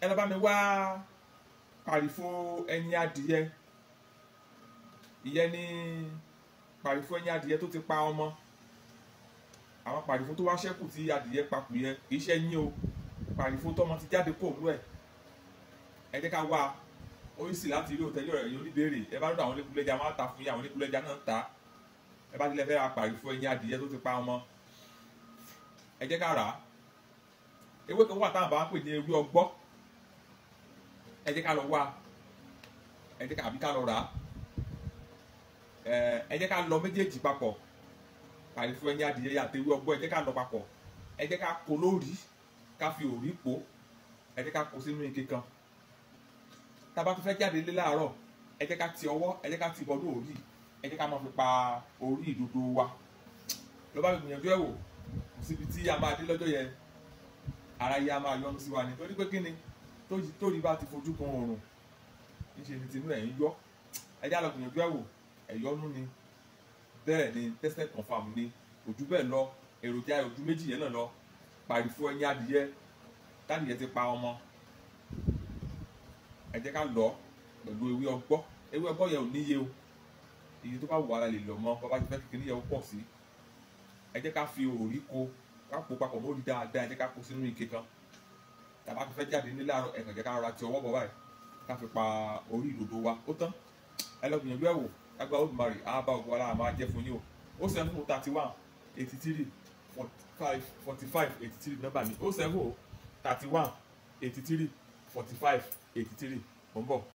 ẹ lọ bá mi wá pàrífò ẹyin adìyẹ ìyẹn ní pàrífò ẹyin adìyẹ tó ti pa ọmọ àwọn pàrífò tó wá ṣẹ́kù tí adìyẹ papò yẹ kì í ṣe yín o pàrífò tọmọ ti jáde kó òwúrọ̀ ẹ̀ ẹ jẹ́ ká wá oríṣi láti ilé òtẹ́lẹ̀ ọ̀rẹ́ yìí oníbèrè ẹ bá lọ́dọ̀ àwọn oníkulẹ̀jà máa ta fún yín àwọn oníkulẹ̀jà náà ta ẹ bá tilẹ̀ fẹ́ ra pàrífò ẹyin adìyẹ tó ti pa ọmọ ẹ jẹ́ ká rà á ewé kan wà táwọn bá ń pè ní ewé ọgbọ́ ẹ jẹ́ ká lọ wá ẹ jẹ́ ká àbí ká lọ rà ẹ jẹ́ ká lọ méjèèjì papọ̀ pàdé fún ẹni adìyẹ àtẹwé ọgbọ́n ẹ jẹ́ ká lọ papọ̀ ẹ jẹ́ ká kó lórí ká fi òrí po ẹ jẹ́ ká kó sínú ike kan tá a bá tún fẹ́ jáde lé láàárọ̀ ẹ jẹ́ ká ti ọwọ́ ẹ jẹ́ ká ti bọ́dún òrí ẹ jẹ́ ká máa fi pa orí ìdodo wa lọ bá mi gbìyànjú ẹ̀ wò kò síbi tí a máa dé lọ́jọ́ yẹn ara yẹn a máa yọnu sí wa nítorí pé kí ni tóri bá ti fojú kan ọ̀run níṣẹ́ ni tinú ẹ̀ ń yọ ẹjá lọ gbìyànjú ẹ̀ wò ẹ̀yọ́nú ni bẹ́ẹ̀ ni tested confam ni ojú bẹ́ẹ̀ lọ èròjà ojú méjì yẹn náà lọ pàrífò ẹyin adìyẹ tádìyẹ ti pa ọmọ ẹ jẹ́ ká lọ pẹ̀lú ewé ọgbọ́ ewé ọgbọ́ yẹn ò níye o iye tó bá wù ara lè lọ mọ bàbá ti fẹ́ kékeré yẹn ó pọ̀ sí ẹ jẹ́ ká fi òrí ko ká po papọ̀ mọ́ orí dáadáa ẹ jẹ́ ká po sínú ike kan tàbá tó fẹ́ jáde ní láàárọ̀ ẹ̀kàn jẹ́ ká rọra ti ọwọ́ bọ̀ báyìí ká fi pa orí ìdodo wa ó tán ẹ lọ gbìyànjú ẹ̀ wò lágbà Olódùmarè á bá ògùn aláàmà jẹ́ fún yín o ó seven thirty one eighty three forty five eighty three nọ́mbà mi ó seven thirty one eighty three forty five eighty three mo ń bọ̀.